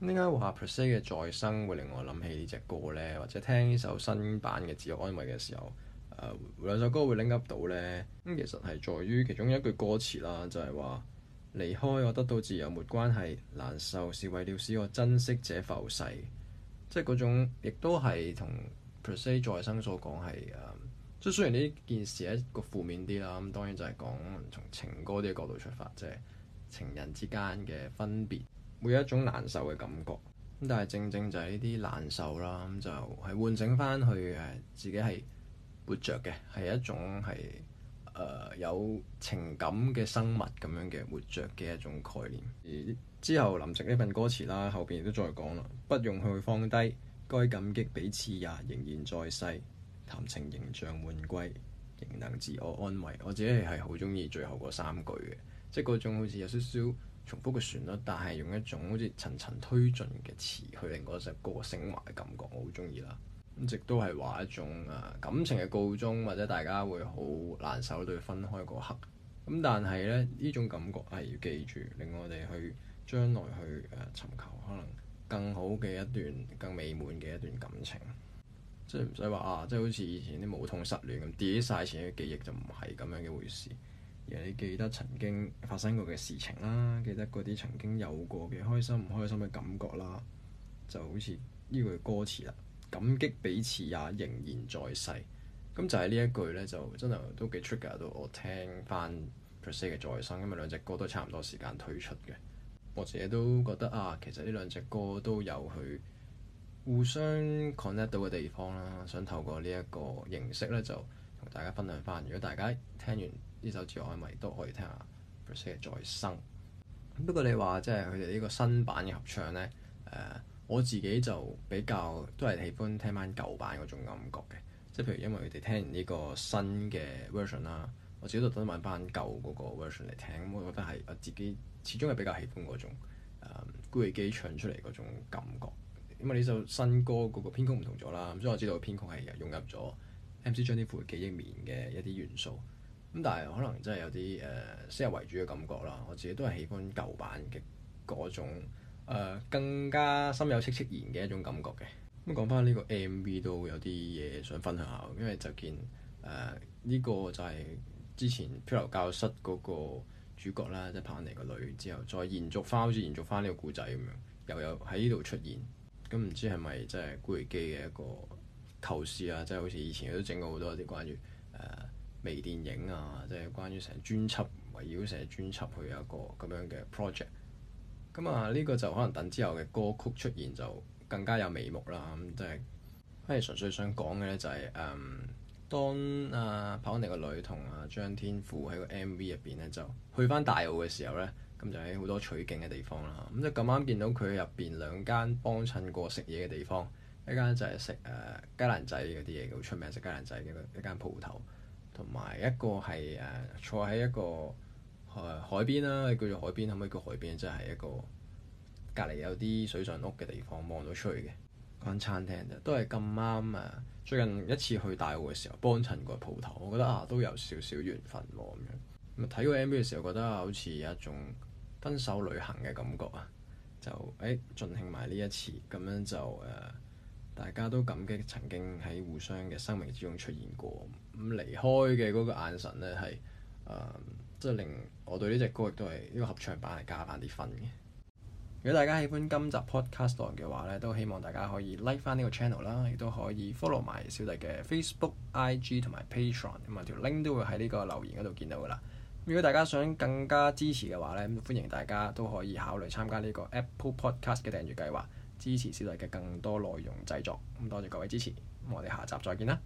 點解話《Perse》嘅再生會令我諗起呢隻歌呢？或者聽呢首新版嘅《自我安慰》嘅時候，誒、呃、兩首歌會 link up 到呢？咁、嗯、其實係在於其中一句歌詞啦，就係話離開我得到自由沒關係，難受是為了使我珍惜這浮世，即係嗰種亦都係同《Perse》再生所講係誒。即、嗯、係雖然呢件事一個負面啲啦，咁當然就係講從情歌啲角度出發，即係情人之間嘅分別。每一種難受嘅感覺，咁但係正正就係呢啲難受啦，咁就係喚醒翻去誒自己係活著嘅，係一種係誒、呃、有情感嘅生物咁樣嘅活著嘅一種概念。而之後林夕呢份歌詞啦，後邊亦都再講啦，不用去放低，該感激彼此也仍然在世，談情仍像換季，仍能自我安慰。我自己係好中意最後嗰三句嘅。即係嗰種好似有少少重複嘅旋律，但係用一種好似層層推進嘅詞去令嗰首歌昇華嘅感覺，我好中意啦。咁直都係話一種啊感情嘅告終，或者大家會好難受到要分開嗰刻。咁但係咧呢種感覺係要記住，令我哋去將來去誒、呃、尋求可能更好嘅一段、更美滿嘅一段感情。即係唔使話啊，即係好似以前啲無痛失戀咁跌晒以前嘅記憶就唔係咁樣嘅回事。你記得曾經發生過嘅事情啦，記得嗰啲曾經有過嘅開心唔開心嘅感覺啦，就好似呢句歌詞啦。感激彼此也仍然在世。咁就係呢一句呢，就真係都幾 trigger 到。都我聽翻 Perse 嘅再生，因為兩隻歌都差唔多時間推出嘅，我自己都覺得啊，其實呢兩隻歌都有佢互相 connect 到嘅地方啦。想透過呢一個形式呢，就～同大家分享翻，如果大家聽完呢首《自我安慰》都可以聽下《percent 再生》。不過你話即係佢哋呢個新版嘅合唱呢，誒、呃，我自己就比較都係喜歡聽翻舊版嗰種感覺嘅。即係譬如因為佢哋聽完呢個新嘅 version 啦，我自己就都買翻舊嗰個 version 嚟聽，我覺得係我自己始終係比較喜歡嗰種誒古巨基唱出嚟嗰種感覺。因為呢首新歌嗰個編曲唔同咗啦，所以我知道編曲係融入咗。M.C. 將啲富記憶面嘅一啲元素，咁但係可能真係有啲誒先入為主嘅感覺啦。我自己都係喜歡舊版嘅嗰種、呃、更加心有戚戚然嘅一種感覺嘅。咁講翻呢個 M.V. 都有啲嘢想分享下，因為就見誒呢、呃這個就係之前漂流教室嗰個主角啦，即係帕尼個女之後再延續翻，好似延續翻呢個故仔咁樣，又有喺呢度出現。咁唔知係咪即係古巨基嘅一個？構思啊，即係好似以前佢都整過好多啲關於、呃、微電影啊，即係關於成專輯圍繞成個專輯去一個咁樣嘅 project。咁、嗯、啊，呢、呢個就可能等之後嘅歌曲出現就更加有眉目啦。咁即係，反、嗯、而、就係、純粹想講嘅、就係嗯啊啊、呢，就係誒，當啊彭安迪個女同阿張天賦喺個 MV 入邊呢，就去翻大澳嘅時候呢，咁就喺好多取景嘅地方啦。咁即係咁啱見到佢入邊兩間幫襯過食嘢嘅地方。啊嗯一間就係食誒雞蛋仔嗰啲嘢，好出名食雞蛋仔嘅一間鋪頭，同埋一個係誒、啊、坐喺一個誒、啊、海邊啦、啊，你叫做海邊，可唔可以叫海邊？即、就、係、是、一個隔離有啲水上屋嘅地方，望到出去嘅間餐廳都係咁啱啊！最近一次去大澳嘅時候幫襯個鋪頭，我覺得啊都有少少緣分喎。咁樣睇個 M V 嘅時候，覺得好似有一種分手旅行嘅感覺啊！就誒、欸、盡興埋呢一次，咁樣就誒。啊大家都感激曾經喺互相嘅生命之中出現過，咁離開嘅嗰個眼神呢，係，呃，即係令我對呢隻歌亦都係呢個合唱版係加翻啲分嘅。如果大家喜歡今集 podcast 嘅話呢，都希望大家可以 like 翻呢個 channel 啦，亦都可以 follow 埋小弟嘅 Facebook、IG 同埋 Patreon，咁啊條 link 都會喺呢個留言嗰度見到噶啦。如果大家想更加支持嘅話呢，咁歡迎大家都可以考慮參加呢個 Apple Podcast 嘅訂閱計劃。支持小弟嘅更多內容製作，多謝各位支持，我哋下集再見啦。